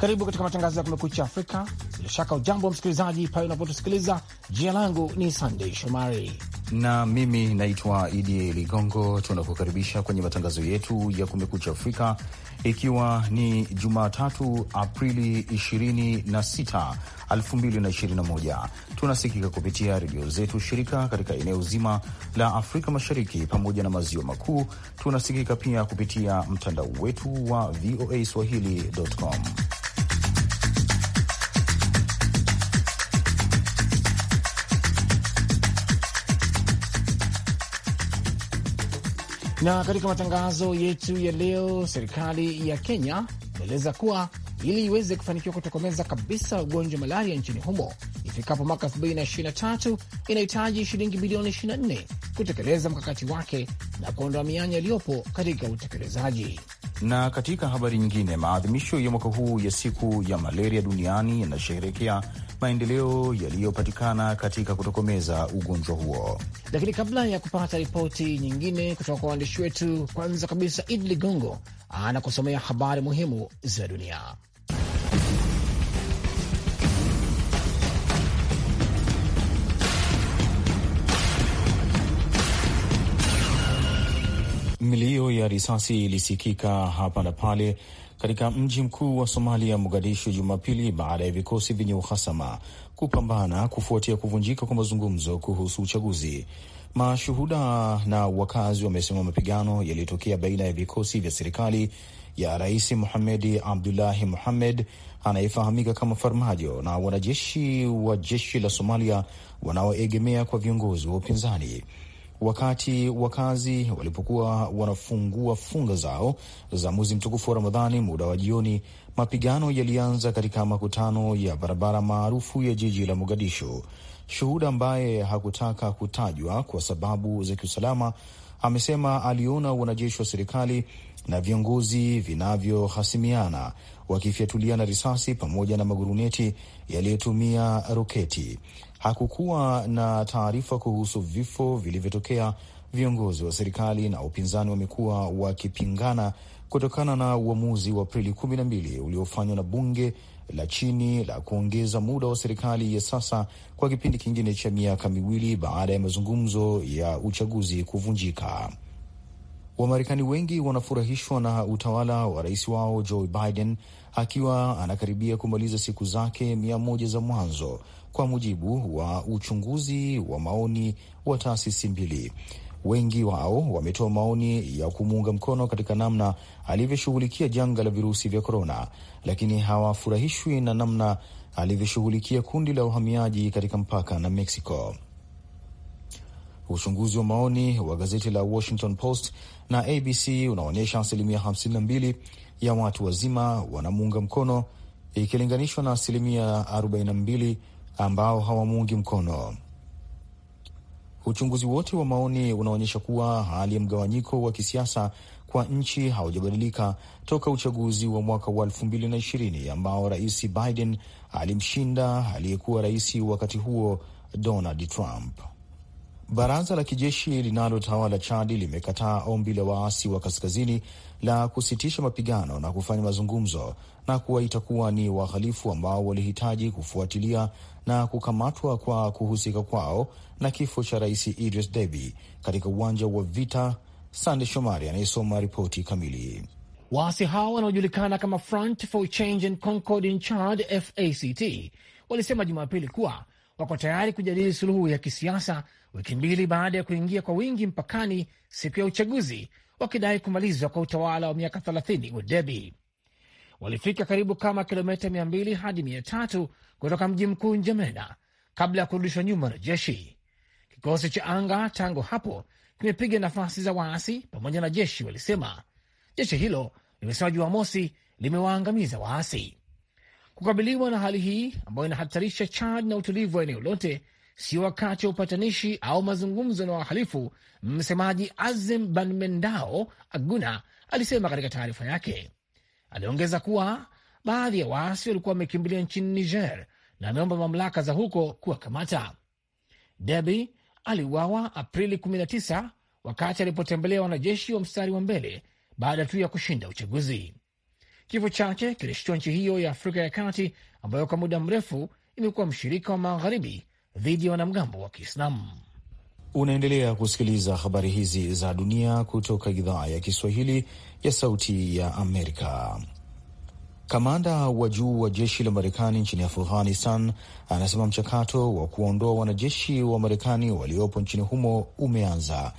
Karibu katika matangazo ya kumekucha Afrika. Bila shaka ujambo wa msikilizaji pale unapotusikiliza. Jina langu ni Sandei Shomari na mimi naitwa Idi Ligongo. Tunakukaribisha kwenye matangazo yetu ya kumekucha Afrika, ikiwa ni Jumatatu Aprili 26, 2021. Tunasikika kupitia redio zetu shirika katika eneo zima la Afrika Mashariki pamoja na maziwa makuu. Tunasikika pia kupitia mtandao wetu wa voa swahili.com. Na katika matangazo yetu ya leo, serikali ya Kenya inaeleza kuwa ili iweze kufanikiwa kutokomeza kabisa ugonjwa malaria nchini humo ifikapo mwaka 2023 inahitaji shilingi bilioni 24 kutekeleza mkakati wake na kuondoa mianya iliyopo katika utekelezaji. Na katika habari nyingine, maadhimisho ya mwaka huu ya siku ya malaria duniani yanasherehekea maendeleo yaliyopatikana katika kutokomeza ugonjwa huo. Lakini kabla ya kupata ripoti nyingine kutoka kwa waandishi wetu, kwanza kabisa Idi Ligongo anakusomea habari muhimu za dunia. Milio ya risasi ilisikika hapa na pale katika mji mkuu wa Somalia, Mogadishu, Jumapili baada ya vikosi vyenye uhasama kupambana kufuatia kuvunjika kwa mazungumzo kuhusu uchaguzi. Mashuhuda na wakazi wamesema mapigano yaliyotokea baina ya vikosi vya serikali ya Rais Muhamedi Abdullahi Muhamed anayefahamika kama Farmajo na wanajeshi wa jeshi la Somalia wanaoegemea kwa viongozi wa upinzani wakati wakazi walipokuwa wanafungua funga zao za mwezi mtukufu wa Ramadhani muda wa jioni, mapigano yalianza katika makutano ya barabara maarufu ya jiji la Mogadishu. Shuhuda ambaye hakutaka kutajwa kwa sababu za kiusalama amesema aliona wanajeshi wa serikali na viongozi vinavyohasimiana wakifyatuliana risasi pamoja na maguruneti yaliyotumia roketi hakukuwa na taarifa kuhusu vifo vilivyotokea. Viongozi wa serikali na upinzani wamekuwa wakipingana kutokana na uamuzi wa Aprili kumi na mbili uliofanywa na bunge la chini la kuongeza muda wa serikali ya sasa kwa kipindi kingine cha miaka miwili baada ya mazungumzo ya uchaguzi kuvunjika. Wamarekani wengi wanafurahishwa na utawala wa rais wao Joe Biden akiwa anakaribia kumaliza siku zake mia moja za mwanzo, kwa mujibu wa uchunguzi wa maoni wa taasisi mbili. Wengi wao wametoa maoni ya kumuunga mkono katika namna alivyoshughulikia janga la virusi vya korona, lakini hawafurahishwi na namna alivyoshughulikia kundi la uhamiaji katika mpaka na Mexico. Uchunguzi wa maoni wa gazeti la Washington Post na ABC unaonyesha asilimia 52 ya watu wazima wanamuunga mkono ikilinganishwa na asilimia 42 ambao hawamuungi mkono. Uchunguzi wote wa maoni unaonyesha kuwa hali ya mgawanyiko wa kisiasa kwa nchi haujabadilika toka uchaguzi wa mwaka wa 2020 ambao Rais Biden alimshinda aliyekuwa rais wakati huo Donald Trump. Baraza la kijeshi linalotawala Chadi limekataa ombi la waasi wa kaskazini la kusitisha mapigano na kufanya mazungumzo na kuwaita kuwa ni wahalifu ambao walihitaji kufuatilia na kukamatwa kwa kuhusika kwao na kifo cha Rais Idris Deby katika uwanja wa vita. Sande Shomari anayesoma ripoti kamili. Waasi hao wanaojulikana kama Front for Change and Concord in Chad, FACT, walisema Jumapili kuwa wako tayari kujadili suluhu ya kisiasa wiki mbili baada ya kuingia kwa wingi mpakani siku ya uchaguzi, wakidai kumalizwa kwa utawala wa miaka 30 wa Walifika karibu kama kilomita 200 hadi 300 kutoka mji mkuu Njamena kabla ya kurudishwa nyuma na jeshi. Kikosi cha anga tangu hapo kimepiga nafasi za waasi pamoja na jeshi, walisema. Jeshi hilo limesema Jumamosi limewaangamiza waasi. Kukabiliwa na hali hii ambayo inahatarisha Chad na utulivu wa eneo lote sio wakati wa upatanishi au mazungumzo na wahalifu, msemaji Azim Banmendao Aguna alisema katika taarifa yake. Aliongeza kuwa baadhi ya waasi walikuwa wamekimbilia nchini Niger na ameomba mamlaka za huko kuwakamata. Debi aliuawa Aprili 19 wakati alipotembelea wanajeshi wa mstari wa mbele baada tu ya kushinda uchaguzi. Kifo chake kilishtua nchi hiyo ya Afrika ya Kati ambayo kwa muda mrefu imekuwa mshirika wa magharibi dhidi ya wanamgambo wa Kiislamu. Unaendelea kusikiliza habari hizi za dunia kutoka idhaa ya Kiswahili ya Sauti ya Amerika. Kamanda wa juu wa jeshi la Marekani nchini Afghanistan anasema mchakato wa kuwaondoa wanajeshi wa Marekani waliopo nchini humo umeanza.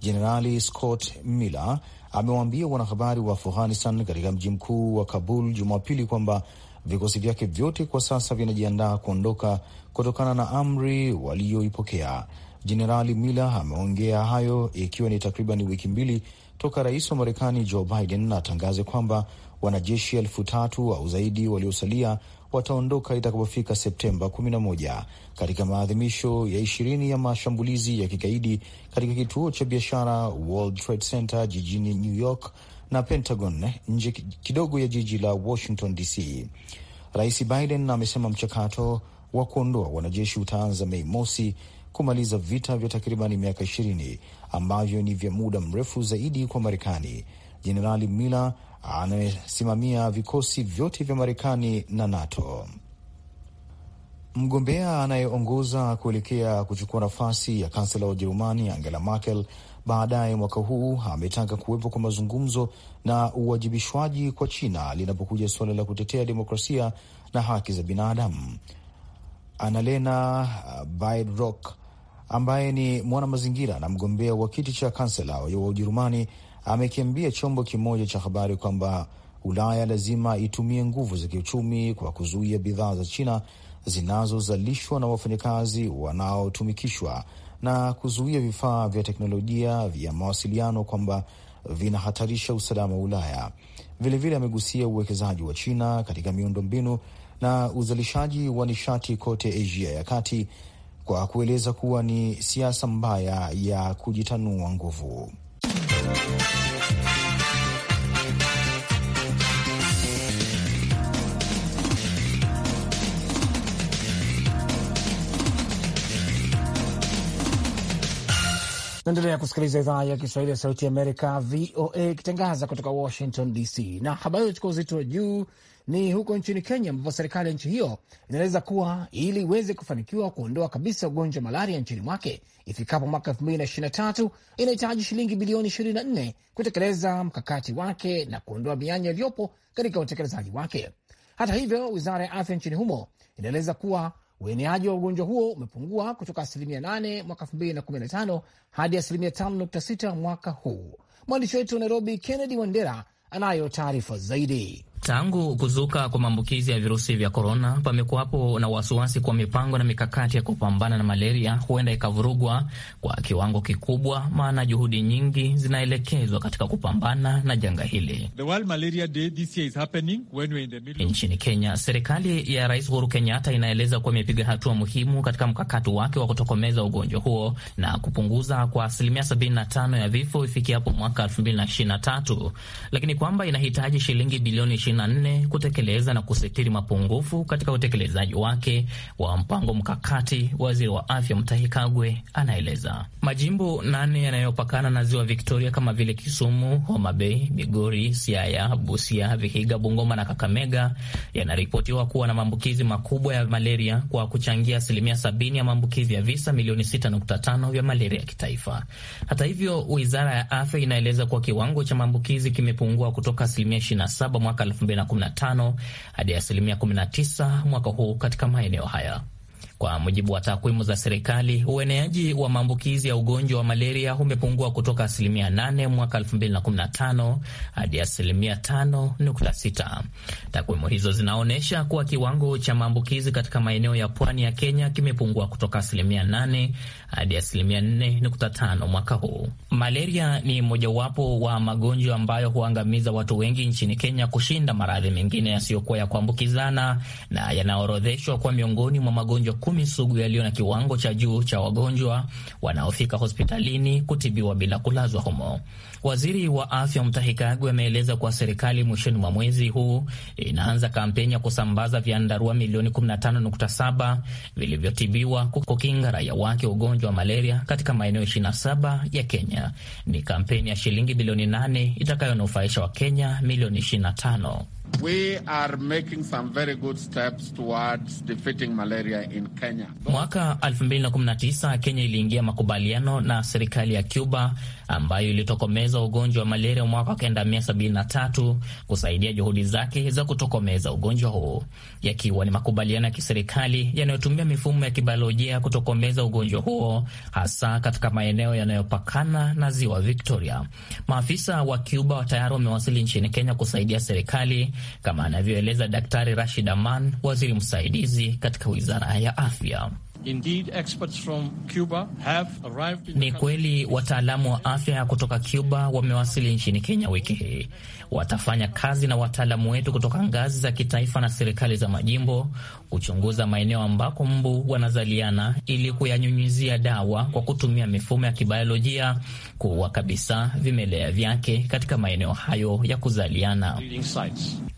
Jenerali Scott Miller amewaambia wanahabari wa Afghanistan katika mji mkuu wa Kabul Jumapili kwamba vikosi vyake vyote kwa sasa vinajiandaa kuondoka kutokana na amri waliyoipokea. Jenerali Miller ameongea hayo ikiwa ni takriban wiki mbili toka rais wa Marekani Joe Biden atangaze kwamba wanajeshi elfu tatu au zaidi waliosalia wataondoka itakapofika Septemba 11 katika maadhimisho ya ishirini ya mashambulizi ya kigaidi katika kituo cha biashara World Trade Center jijini New York na Pentagon nje kidogo ya jiji la Washington DC. Rais Biden amesema mchakato wa kuondoa wanajeshi utaanza Mei mosi kumaliza vita vya takribani miaka ishirini ambavyo ni vya muda mrefu zaidi kwa Marekani. Jenerali Miller anayesimamia vikosi vyote vya Marekani na NATO. Mgombea anayeongoza kuelekea kuchukua nafasi ya kansela wa Ujerumani Angela Merkel baadaye mwaka huu ametaka kuwepo kwa mazungumzo na uwajibishwaji kwa China linapokuja suala la kutetea demokrasia na haki za binadamu. Annalena Baerbock ambaye ni mwanamazingira na mgombea wa kiti cha kansela wa Ujerumani amekiambia chombo kimoja cha habari kwamba Ulaya lazima itumie nguvu za kiuchumi kwa kuzuia bidhaa za China zinazozalishwa na wafanyakazi wanaotumikishwa na kuzuia vifaa vya teknolojia vya mawasiliano kwamba vinahatarisha usalama wa Ulaya. Vilevile amegusia uwekezaji wa China katika miundombinu na uzalishaji wa nishati kote Asia ya kati kwa kueleza kuwa ni siasa mbaya ya kujitanua nguvu. Naendelea kusikiliza idhaa ya Kiswahili ya Sauti ya Amerika, VOA, ikitangaza kutoka Washington DC na habari zilichukua uzito wa juu ni huko nchini Kenya, ambapo serikali ya nchi hiyo inaeleza kuwa ili iweze kufanikiwa kuondoa kabisa ugonjwa malaria nchini mwake ifikapo mwaka elfu mbili na ishirini na tatu inahitaji shilingi bilioni ishirini na nne kutekeleza mkakati wake na kuondoa mianya iliyopo katika utekelezaji wake. Hata hivyo, wizara ya afya nchini humo inaeleza kuwa ueneaji wa ugonjwa huo umepungua kutoka asilimia nane mwaka tano hadi asilimia 5.6 mwaka huu. Mwandishi wetu wa Nairobi, Kennedy Wandera, anayo taarifa zaidi. Tangu kuzuka kwa maambukizi ya virusi vya korona, pamekuwapo na wasiwasi kwa mipango na mikakati ya kupambana na malaria huenda ikavurugwa kwa kiwango kikubwa, maana juhudi nyingi zinaelekezwa katika kupambana na janga hili. Nchini Kenya, serikali ya Rais Uhuru Kenyatta inaeleza kuwa imepiga hatua muhimu katika mkakati wake wa kutokomeza ugonjwa huo na kupunguza kwa asilimia 75 ya vifo ifikiapo mwaka 2023 lakini kwamba inahitaji shilingi bilioni 2024 kutekeleza na kusitiri mapungufu katika utekelezaji wake wa mpango mkakati, waziri wa afya Mutahi Kagwe anaeleza. Majimbo nane yanayopakana na ziwa Victoria kama vile Kisumu, Homa Bay, Migori, Siaya, Busia, Vihiga, Bungoma na Kakamega yanaripotiwa kuwa na maambukizi makubwa ya malaria kwa kuchangia asilimia 70 ya maambukizi ya visa milioni 6.5 vya malaria ya kitaifa. Hata hivyo, wizara ya afya inaeleza kuwa kiwango cha maambukizi kimepungua kutoka asilimia 27 mwaka 2015 hadi asilimia 19 mwaka huu katika maeneo haya. Kwa mujibu wa takwimu za serikali, ueneaji wa maambukizi ya ugonjwa wa malaria umepungua kutoka asilimia 8 mwaka 2015 hadi asilimia 5.6. Takwimu hizo zinaonyesha kuwa kiwango cha maambukizi katika maeneo ya pwani ya Kenya kimepungua kutoka asilimia 8 hadi asilimia 4.5 mwaka huu. Malaria ni mojawapo wa magonjwa ambayo huangamiza watu wengi nchini Kenya kushinda maradhi mengine yasiyokuwa ya kuambukizana na yanaorodheshwa kwa miongoni mwa magonjwa kumi sugu yaliyo na kiwango cha juu cha wagonjwa wanaofika hospitalini kutibiwa bila kulazwa humo. Waziri wa afya Mutahi Kagwe ameeleza kuwa serikali mwishoni mwa mwezi huu inaanza kampeni ya kusambaza vyandarua milioni 15.7 vilivyotibiwa kukinga raia wake ugonjwa wa malaria katika maeneo 27 ya Kenya. Ni kampeni ya shilingi bilioni 8 itakayonufaisha Wakenya milioni 25. Kenya. Mwaka 2019 Kenya iliingia makubaliano na serikali ya Cuba ambayo ilitokomeza kutokomeza ugonjwa wa malaria mwaka wa tatu kusaidia juhudi zake za kutokomeza ugonjwa huo yakiwa ni makubaliano ya kiserikali yanayotumia mifumo ya kibiolojia kutokomeza ugonjwa huo, hasa katika maeneo yanayopakana na ziwa Victoria. Maafisa wa Cuba tayari wamewasili nchini Kenya kusaidia serikali, kama anavyoeleza Daktari Rashid Aman, waziri msaidizi katika wizara ya afya. Ni kweli wataalamu wa afya kutoka Cuba wamewasili nchini Kenya wiki hii watafanya kazi na wataalamu wetu kutoka ngazi za kitaifa na serikali za majimbo kuchunguza maeneo ambako mbu wanazaliana ili kuyanyunyizia dawa kwa kutumia mifumo ya kibiolojia kuua kabisa vimelea vyake katika maeneo hayo ya kuzaliana.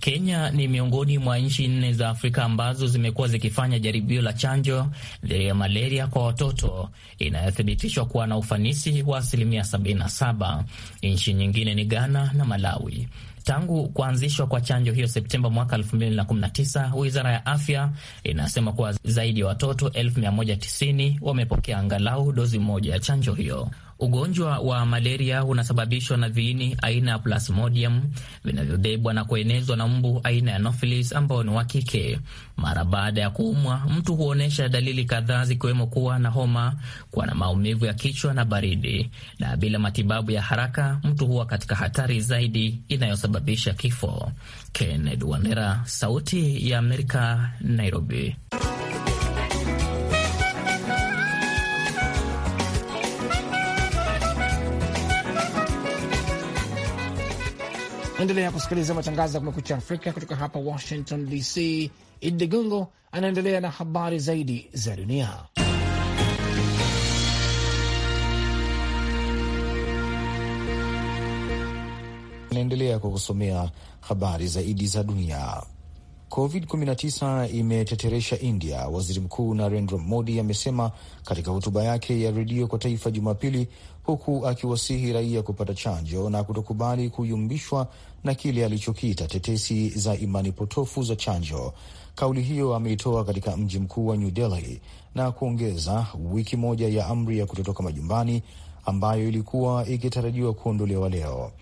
Kenya ni miongoni mwa nchi nne za Afrika ambazo zimekuwa zikifanya jaribio la chanjo dhidi ya malaria kwa watoto inayothibitishwa kuwa na ufanisi wa asilimia 77. Nchi nyingine ni Ghana na Malawi. Tangu kuanzishwa kwa chanjo hiyo Septemba mwaka 2019, wizara ya afya inasema kuwa zaidi ya watoto 1190 wamepokea angalau dozi moja ya chanjo hiyo. Ugonjwa wa malaria unasababishwa na viini aina ya plasmodium vinavyobebwa na kuenezwa na mbu aina ya Anopheles ambao ni wa kike. Mara baada ya kuumwa, mtu huonyesha dalili kadhaa zikiwemo kuwa na homa, kuwa na maumivu ya kichwa na baridi, na bila matibabu ya haraka mtu huwa katika hatari zaidi inayosababisha kifo. Kenneth Wandera, Sauti ya Amerika, Nairobi. Endelea kusikiliza matangazo ya Kumekucha Afrika kutoka hapa Washington DC. Idi Ligongo anaendelea na habari zaidi za dunia. Anaendelea kukusomea habari zaidi za dunia. COVID-19 imeteteresha India, waziri mkuu Narendra Modi amesema katika hotuba yake ya redio kwa taifa Jumapili, huku akiwasihi raia kupata chanjo na kutokubali kuyumbishwa na kile alichokiita tetesi za imani potofu za chanjo. Kauli hiyo ameitoa katika mji mkuu wa New Delhi na kuongeza wiki moja ya amri ya kutotoka majumbani ambayo ilikuwa ikitarajiwa kuondolewa leo.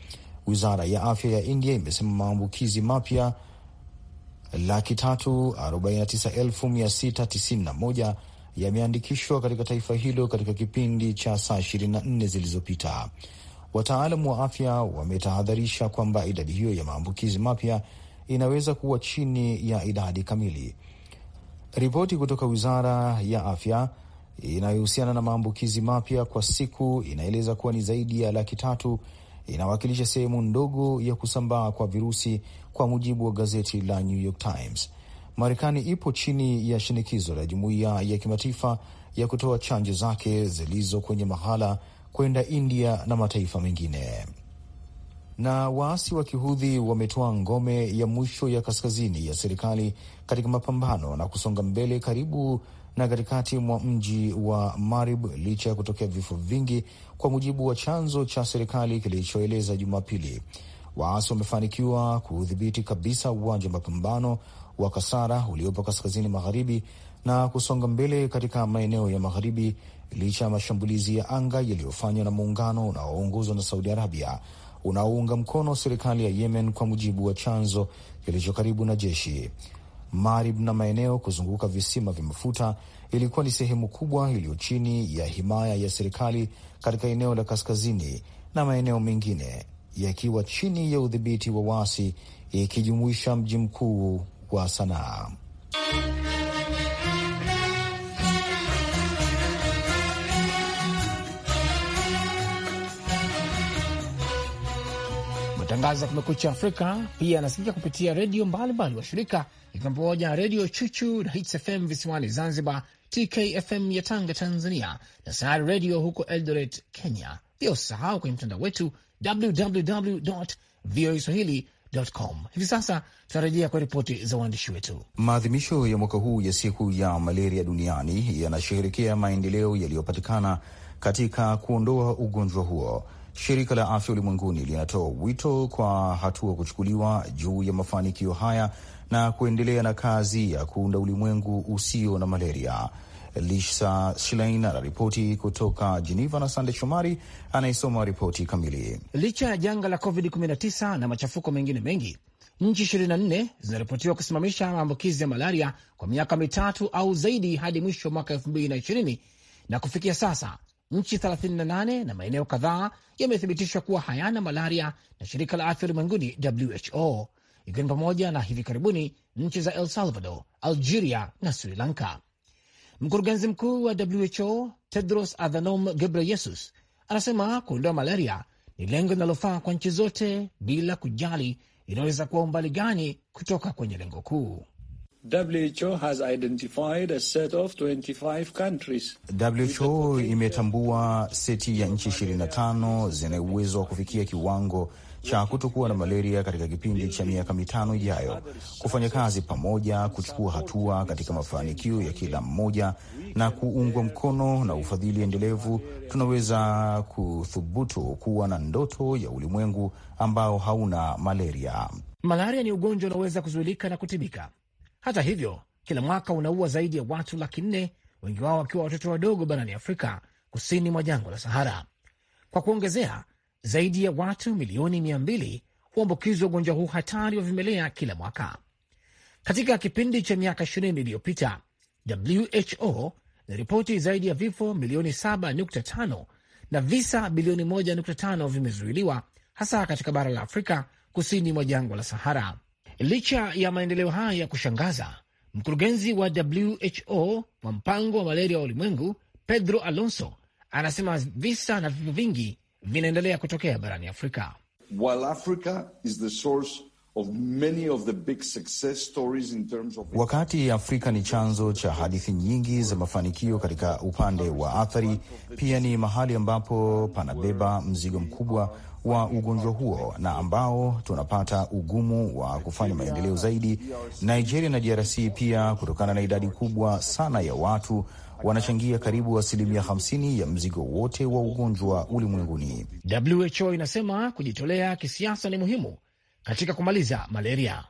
Wizara ya afya ya India imesema maambukizi mapya laki tatu arobaini na tisa elfu mia sita tisini na moja yameandikishwa katika taifa hilo katika kipindi cha saa 24 zilizopita. Wataalam wa afya wametahadharisha kwamba idadi hiyo ya maambukizi mapya inaweza kuwa chini ya idadi kamili. Ripoti kutoka wizara ya afya inayohusiana na maambukizi mapya kwa siku inaeleza kuwa ni zaidi ya laki tatu. Inawakilisha sehemu ndogo ya kusambaa kwa virusi, kwa mujibu wa gazeti la New York Times. Marekani ipo chini ya shinikizo la jumuiya ya kimataifa ya kutoa chanjo zake zilizo kwenye mahala kwenda India na mataifa mengine. Na waasi wa kihudhi wametoa ngome ya mwisho ya kaskazini ya serikali katika mapambano na kusonga mbele karibu na katikati mwa mji wa Marib licha ya kutokea vifo vingi, kwa mujibu wa chanzo cha serikali kilichoeleza Jumapili. Waasi wamefanikiwa kuudhibiti kabisa uwanja wa mapambano wa Kasara uliopo kaskazini magharibi na kusonga mbele katika maeneo ya magharibi licha ya mashambulizi ya anga yaliyofanywa na muungano unaoongozwa na Saudi Arabia unaounga mkono serikali ya Yemen, kwa mujibu wa chanzo kilicho karibu na jeshi. Marib na maeneo kuzunguka visima vya mafuta ilikuwa ni sehemu kubwa iliyo chini ya himaya ya serikali katika eneo la kaskazini, na maeneo mengine yakiwa chini ya udhibiti wa waasi, ikijumuisha mji mkuu kwa sanaa. Matangazo ya Kumekucha Afrika pia yanasikika kupitia redio mbalimbali wa shirika ikiwa pamoja na Redio Chuchu na Hits FM visiwani Zanzibar, TKFM ya Tanga Tanzania, na Sayari Redio huko Eldoret Kenya. Pia usisahau kwenye mtandao wetu www voa swahili com. Hivi sasa tunarejea kwa ripoti za waandishi wetu. Maadhimisho ya mwaka huu ya siku ya malaria duniani yanasheherekea maendeleo yaliyopatikana katika kuondoa ugonjwa huo. Shirika la Afya Ulimwenguni linatoa wito kwa hatua kuchukuliwa juu ya mafanikio haya na kuendelea na kazi ya kuunda ulimwengu usio na malaria. Lisa Schlein anaripoti kutoka Jeneva na Sande Shomari anayesoma ripoti kamili. Licha ya janga la COVID-19 na machafuko mengine mengi, nchi 24 zinaripotiwa kusimamisha maambukizi ya malaria kwa miaka mitatu au zaidi hadi mwisho wa mwaka 2020 na kufikia sasa nchi 38 na maeneo kadhaa yamethibitishwa kuwa hayana malaria na shirika la afya ulimwenguni WHO, ikiwa ni pamoja na hivi karibuni nchi za El Salvador, Algeria na Sri Lanka. Mkurugenzi mkuu wa WHO Tedros Adhanom Ghebreyesus anasema kuondoa malaria ni lengo linalofaa kwa nchi zote bila kujali inaweza kuwa umbali gani kutoka kwenye lengo kuu. WHO imetambua seti ya nchi 25 zenye uwezo wa kufikia kiwango cha kutokuwa na malaria katika kipindi cha miaka mitano ijayo, kufanya kazi pamoja, kuchukua hatua katika mafanikio ya kila mmoja na kuungwa mkono na ufadhili endelevu, tunaweza kuthubutu kuwa na ndoto ya ulimwengu ambao hauna malaria. Malaria ni ugonjwa unaoweza kuzuilika na kutibika. Hata hivyo, kila mwaka unaua zaidi ya watu laki nne, wengi wao wakiwa watoto wadogo barani Afrika kusini mwa jangwa la Sahara. Kwa kuongezea zaidi ya watu milioni mia mbili huambukizwa ugonjwa huu hatari wa vimelea kila mwaka. Katika kipindi cha miaka 20 iliyopita, WHO iliripoti zaidi ya vifo milioni 7.5 na visa bilioni 1.5 vimezuiliwa, hasa katika bara la Afrika kusini mwa jangwa la Sahara. Licha ya maendeleo haya ya kushangaza, mkurugenzi wa WHO wa mpango wa malaria wa ulimwengu Pedro Alonso anasema visa na vifo vingi vinaendelea kutokea barani Afrika. While Africa is the source Of many of the big success stories in terms of... Wakati Afrika ni chanzo cha hadithi nyingi za mafanikio katika upande wa athari, pia ni mahali ambapo panabeba mzigo mkubwa wa ugonjwa huo na ambao tunapata ugumu wa kufanya maendeleo zaidi. Nigeria na DRC pia, kutokana na idadi kubwa sana ya watu wanachangia karibu asilimia 50 ya mzigo wote wa ugonjwa ulimwenguni. WHO inasema kujitolea kisiasa ni muhimu katika kumaliza malaria.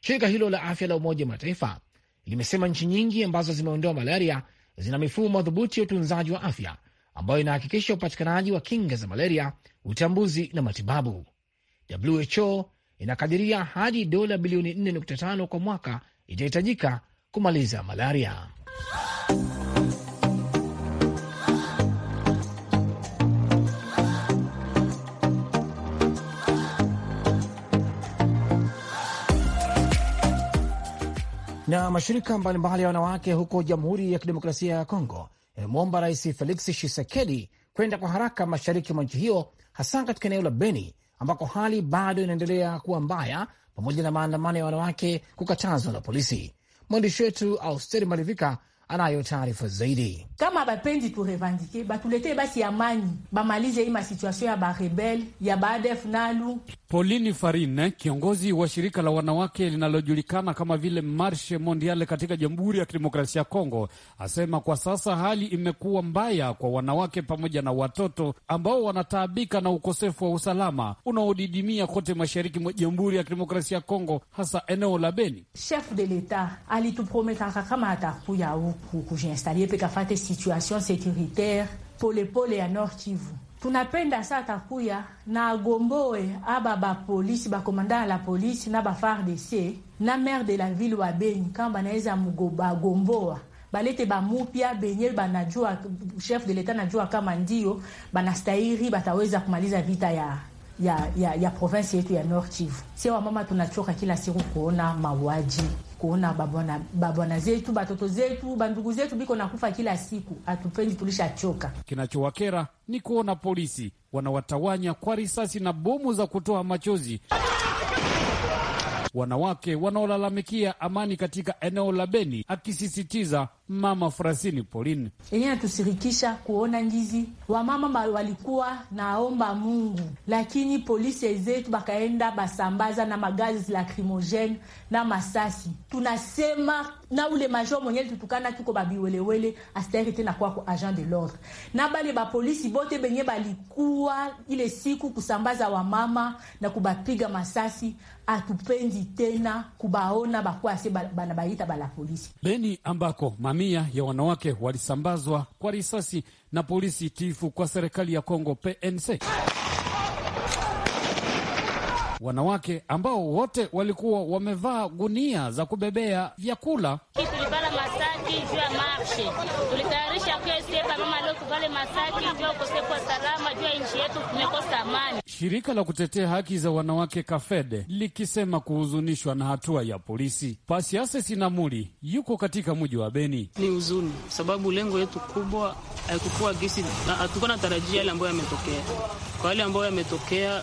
Shirika hilo la afya la Umoja wa Mataifa limesema nchi nyingi ambazo zimeondoa malaria zina mifumo madhubuti ya utunzaji wa afya ambayo inahakikisha upatikanaji wa kinga za malaria, utambuzi na matibabu. WHO inakadiria hadi dola bilioni 4.5 kwa mwaka itahitajika kumaliza malaria. Na mashirika mbalimbali ya wanawake huko Jamhuri ya Kidemokrasia ya Kongo yamemwomba Rais Felix Tshisekedi kwenda kwa haraka mashariki mwa nchi hiyo, hasa katika eneo la Beni ambako hali bado inaendelea kuwa mbaya, pamoja na maandamano ya wanawake kukatazwa na polisi. Mwandishi wetu Austeri Malivika anayo taarifa zaidi. Kama bapendi turevandike, batuletee basi amani, bamalize hii masituasio ya barebel ya baadef nalu Pauline Farine, kiongozi wa shirika la wanawake linalojulikana kama vile Marshe Mondiale katika Jamhuri ya Kidemokrasia ya Kongo, asema kwa sasa hali imekuwa mbaya kwa wanawake pamoja na watoto ambao wanataabika na ukosefu wa usalama unaodidimia kote mashariki mwa Jamhuri ya Kidemokrasia ya Kongo, hasa eneo la Beni. Chef de l'etat alituprometaka kama atakuya huku kujiinstalie pekafate situation securitaire polepole ya Nord Kivu tunapenda sata kuya na agomboe aba bapolisi bakomandana la polisi na ba FARDC na maire de la ville wa Beni kama banaweza bagomboa balete bamupya benye banajua chef de leta najua kama ndio banastahiri bataweza kumaliza vita ya ya ya, ya province yetu ya Nord Kivu. Sio wamama tunachoka kila siku kuona mauaji kuona babona, babona zetu batoto zetu bandugu zetu biko nakufa kila siku, hatupendi, tulishachoka. Kinachowakera ni kuona polisi wanawatawanya kwa risasi na bomu za kutoa machozi wanawake wanaolalamikia amani katika eneo la Beni, akisisitiza Mama Frasini Polini yenye natusirikisha kuona ngizi wamama walikuwa naomba Mungu, lakini polisi zetu bakaenda basambaza na magazi lakrimogene na masasi. Tunasema na ule major mwenye tutukana tuko babiwelewele astahiri tena kwako agent de l'ordre na bale bapolisi bote benye balikuwa ile siku kusambaza wamama na kubapiga masasi, atupendi tena kubaona bakuwa ase banabaita balapolisi Beni ambako Mamia ya wanawake walisambazwa kwa risasi na polisi tifu kwa serikali ya Kongo PNC wanawake ambao wote walikuwa wamevaa gunia za kubebea vyakula. Tulipala Masaki juu ya marshe, tulitayarisha mama leo Masaki juu ya ukosefu wa salama, juu ya nchi yetu tumekosa amani. Shirika la kutetea haki za wanawake Kafede likisema kuhuzunishwa na hatua ya polisi. Pasiase Sinamuli yuko katika mji wa Beni. Ni huzuni sababu lengo yetu kubwa haikukuwa gisi, hatukuwa na tarajia yale ambayo yametokea. Kwa yale ambayo yametokea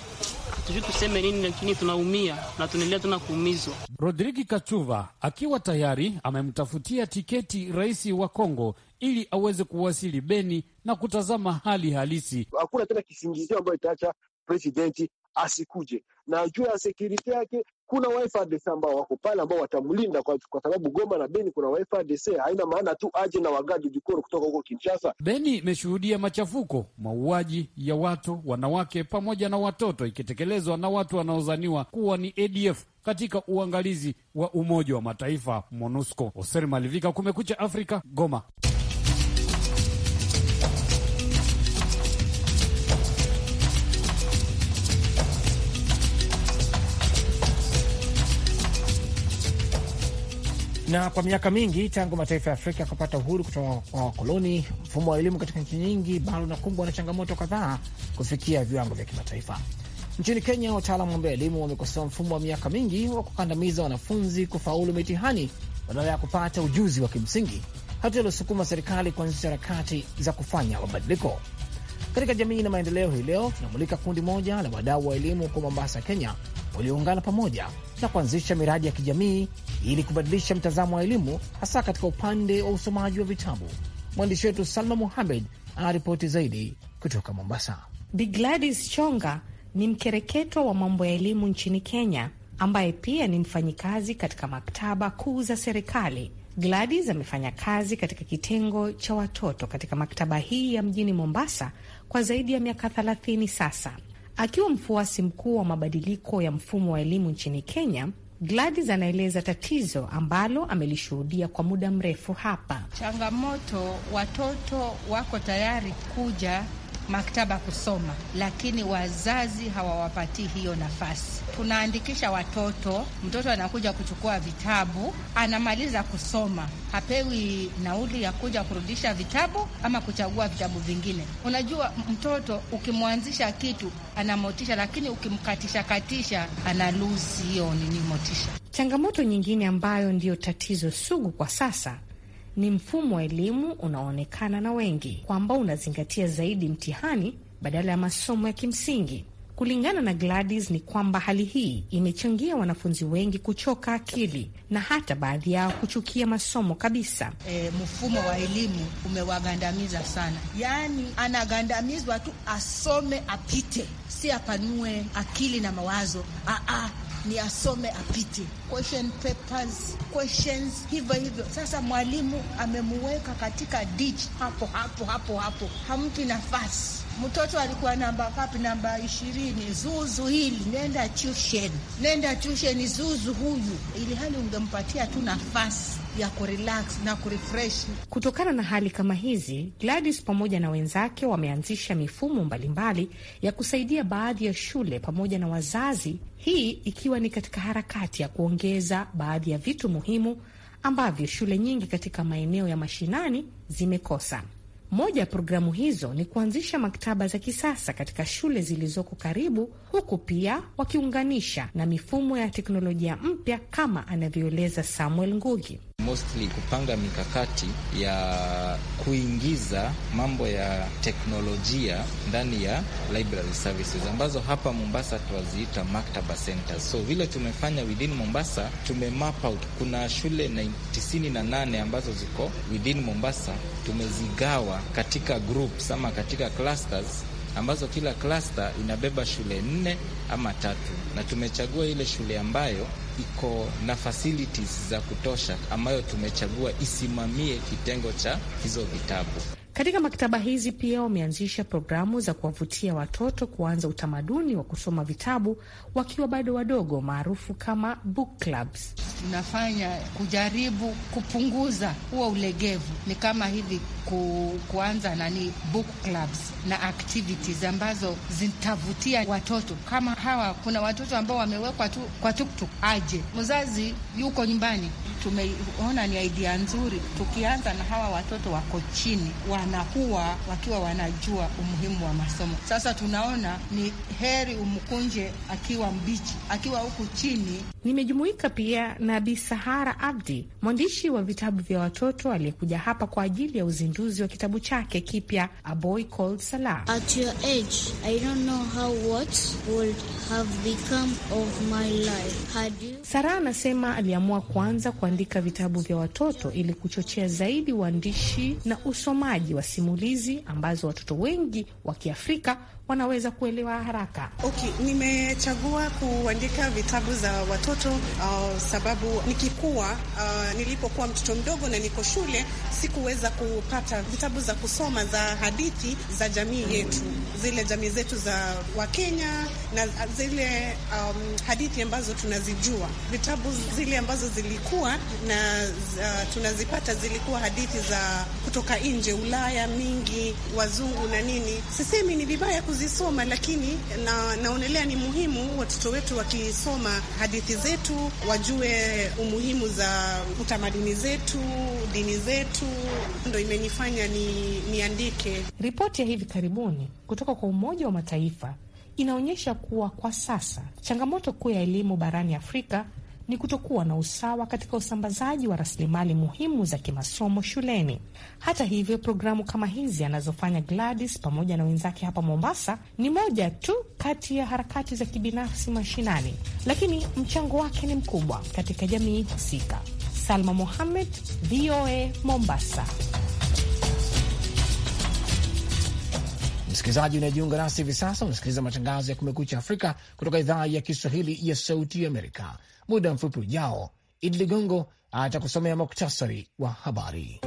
hatujui tuseme nini, lakini tunaumia na tunaendelea tena kuumizwa. Rodrigi Kachuva akiwa tayari amemtafutia tiketi rais wa Kongo ili aweze kuwasili Beni na kutazama hali halisi. Hakuna tena kisingizio ambayo itaacha presidenti asikuje na juu ya sekurite yake kuna wifdc ambao wako pale ambao watamlinda kwa, kwa sababu Goma na Beni kuna WFARDC. Haina maana tu aje na wagadi jikoro kutoka huko Kinshasa. Beni imeshuhudia machafuko, mauaji ya watu, wanawake pamoja na watoto, ikitekelezwa na watu wanaozaniwa kuwa ni ADF katika uangalizi wa Umoja wa Mataifa MONUSCO. Hoser Malivika, Kumekucha Afrika, Goma. Na kwa miaka mingi tangu mataifa ya Afrika kupata uhuru kutoka kwa wakoloni, mfumo wa elimu katika nchi nyingi bado unakumbwa na changamoto kadhaa kufikia viwango vya kimataifa. Nchini Kenya, wataalamu wa elimu wamekosoa mfumo wa miaka mingi wa kukandamiza wanafunzi kufaulu mitihani badala ya kupata ujuzi wa kimsingi, hatu yaliosukuma serikali kuanzisha harakati za kufanya mabadiliko. Katika jamii na maendeleo, hii leo tunamulika kundi moja la wadau wa elimu huko Mombasa, Kenya, walioungana pamoja na kuanzisha miradi ya kijamii ili kubadilisha mtazamo wa elimu, hasa katika upande wa usomaji wa vitabu. Mwandishi wetu Salma Muhamed anaripoti zaidi kutoka Mombasa. Bi Gladys Chonga ni mkereketo wa mambo ya elimu nchini Kenya, ambaye pia ni mfanyikazi katika maktaba kuu za serikali Gladys amefanya kazi katika kitengo cha watoto katika maktaba hii ya mjini Mombasa kwa zaidi ya miaka 30 sasa. Akiwa mfuasi mkuu wa mabadiliko ya mfumo wa elimu nchini Kenya, Gladys anaeleza tatizo ambalo amelishuhudia kwa muda mrefu hapa. Changamoto, watoto wako tayari kuja maktaba kusoma, lakini wazazi hawawapatii hiyo nafasi. Tunaandikisha watoto, mtoto anakuja kuchukua vitabu, anamaliza kusoma, hapewi nauli ya kuja kurudisha vitabu ama kuchagua vitabu vingine. Unajua, mtoto ukimwanzisha kitu anamotisha, lakini ukimkatisha katisha ana luzi hiyo nini motisha. Changamoto nyingine ambayo ndiyo tatizo sugu kwa sasa ni mfumo wa elimu unaoonekana na wengi kwamba unazingatia zaidi mtihani badala ya masomo ya kimsingi. Kulingana na Gladys ni kwamba hali hii imechangia wanafunzi wengi kuchoka akili na hata baadhi yao kuchukia masomo kabisa. E, mfumo wa elimu umewagandamiza sana, yaani anagandamizwa tu, asome apite, si apanue akili na mawazo. Aa, ah, ah, ni asome apite question papers, questions hivyo hivyo. Sasa mwalimu amemuweka katika ditch hapo hapo hapo hapo, hampi nafasi mtoto alikuwa namba ngapi? Namba ishirini. Zuzu hili nenda tusheni, nenda tusheni zuzu huyu, ili hali ungempatia tu nafasi ya kurelax na kurefresh. Kutokana na hali kama hizi, Gladys pamoja na wenzake wameanzisha mifumo mbalimbali ya kusaidia baadhi ya shule pamoja na wazazi, hii ikiwa ni katika harakati ya kuongeza baadhi ya vitu muhimu ambavyo shule nyingi katika maeneo ya mashinani zimekosa. Moja ya programu hizo ni kuanzisha maktaba za kisasa katika shule zilizoko karibu, huku pia wakiunganisha na mifumo ya teknolojia mpya kama anavyoeleza Samuel Ngugi mostly kupanga mikakati ya kuingiza mambo ya teknolojia ndani ya library services ambazo hapa Mombasa tuwaziita maktaba centers. So vile tumefanya within Mombasa, tumemap out. Kuna shule 98 na ambazo ziko within Mombasa, tumezigawa katika groups ama katika clusters ambazo kila klasta inabeba shule nne ama tatu, na tumechagua ile shule ambayo iko na facilities za kutosha, ambayo tumechagua isimamie kitengo cha hizo vitabu. Katika maktaba hizi pia wameanzisha programu za kuwavutia watoto kuanza utamaduni wa kusoma vitabu wakiwa bado wadogo, maarufu kama book clubs. Tunafanya kujaribu kupunguza huo ulegevu, ni kama hivi ku, kuanza nani book clubs na activities ambazo zitavutia watoto kama hawa. Kuna watoto ambao wamewekwa tu kwa tuktuk, aje mzazi yuko nyumbani tumeona ni idea nzuri, tukianza na hawa watoto wako chini, wanakuwa wakiwa wanajua umuhimu wa masomo. Sasa tunaona ni heri umkunje akiwa mbichi, akiwa huku chini. Nimejumuika pia na Bi Sahara Abdi, mwandishi wa vitabu vya watoto aliyekuja hapa kwa ajili ya uzinduzi wa kitabu chake kipya A Boy Called Salah. At your age, I don't know how what would have become of my life. Had you... Sara anasema aliamua kuanza kwa kuandika vitabu vya watoto ili kuchochea zaidi uandishi na usomaji wa simulizi ambazo watoto wengi wa Kiafrika wanaweza kuelewa haraka. Okay, nimechagua kuandika vitabu za watoto uh, sababu nikikuwa uh, nilipokuwa mtoto mdogo na niko shule sikuweza kupata vitabu za kusoma za hadithi za jamii yetu, zile jamii zetu za Wakenya na zile um, hadithi ambazo tunazijua, vitabu zile ambazo zilikuwa na uh, tunazipata zilikuwa hadithi za kutoka nje, Ulaya mingi, wazungu na nini. Sisemi ni vibaya kuzisoma, lakini na, naonelea ni muhimu watoto wetu wakisoma hadithi zetu wajue umuhimu za utamaduni zetu, dini zetu. Ndo imenifanya ni, niandike ripoti ya hivi karibuni kutoka kwa Umoja wa Mataifa inaonyesha kuwa kwa sasa changamoto kuu ya elimu barani Afrika ni kutokuwa na usawa katika usambazaji wa rasilimali muhimu za kimasomo shuleni. Hata hivyo, programu kama hizi anazofanya Gladys pamoja na wenzake hapa Mombasa ni moja tu kati ya harakati za kibinafsi mashinani, lakini mchango wake ni mkubwa katika jamii husika. Salma Mohamed, VOA Mombasa. Msikilizaji unayejiunga nasi hivi sasa, unasikiliza matangazo ya Kumekucha Afrika kutoka idhaa ya Kiswahili ya Sauti Amerika. Muda mfupi ujao, Idi Ligongo atakusomea muktasari wa habari.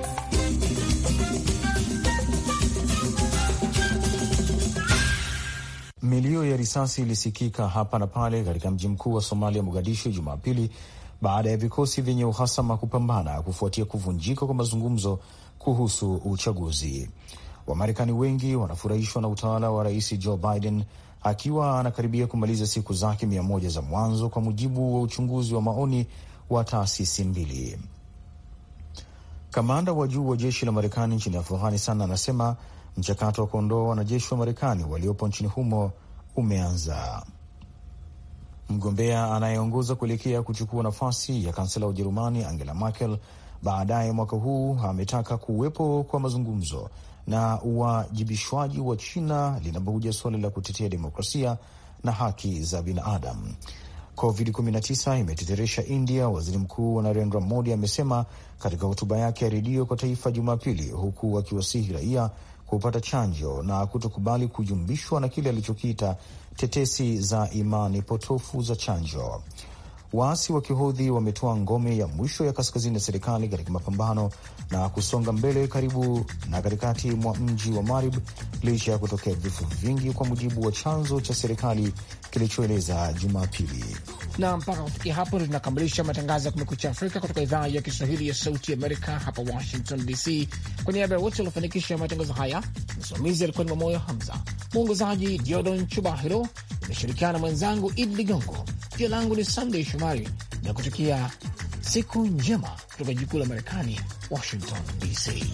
Milio ya risasi ilisikika hapa na pale katika mji mkuu wa Somalia, Mogadishu, Jumapili baada ya vikosi vyenye uhasama kupambana kufuatia kuvunjika kwa mazungumzo kuhusu uchaguzi. Wamarekani wengi wanafurahishwa na utawala wa Rais Joe Biden akiwa anakaribia kumaliza siku zake mia moja za mwanzo, kwa mujibu wa uchunguzi wa maoni wa taasisi mbili. Kamanda wa juu wa jeshi la Marekani nchini Afghanistan anasema mchakato wa kuondoa wanajeshi wa Marekani waliopo nchini humo umeanza. Mgombea anayeongoza kuelekea kuchukua nafasi ya kansela wa Ujerumani Angela Merkel baadaye mwaka huu ametaka kuwepo kwa mazungumzo na uwajibishwaji wa China linapokuja suala la kutetea demokrasia na haki za binadamu. COVID-19 imeteteresha India, waziri mkuu Narendra Modi amesema katika hotuba yake ya redio kwa taifa Jumapili, huku akiwasihi raia kupata chanjo na kutokubali kujumbishwa na kile alichokiita tetesi za imani potofu za chanjo. Waasi wa kihodhi wametoa ngome ya mwisho ya kaskazini ya serikali katika mapambano na kusonga mbele karibu na katikati mwa mji wa Marib licha ya kutokea vifo vingi, kwa mujibu wa chanzo cha serikali kilichoeleza Jumapili. Na mpaka kufikia hapo ndo tunakamilisha matangazo ya Kumekucha Afrika kutoka idhaa ya Kiswahili ya Sauti Amerika hapa Washington DC. Kwa niaba ya wote waliofanikisha matangazo haya, msimamizi alikuwa ni Mamoyo Hamza, mwongozaji Diodon Chubahiro. Nimeshirikiana na mwenzangu Idi Ligongo. Jina langu ni Sandey Shomari na kutakia siku njema kutoka jikuu la Marekani, Washington DC.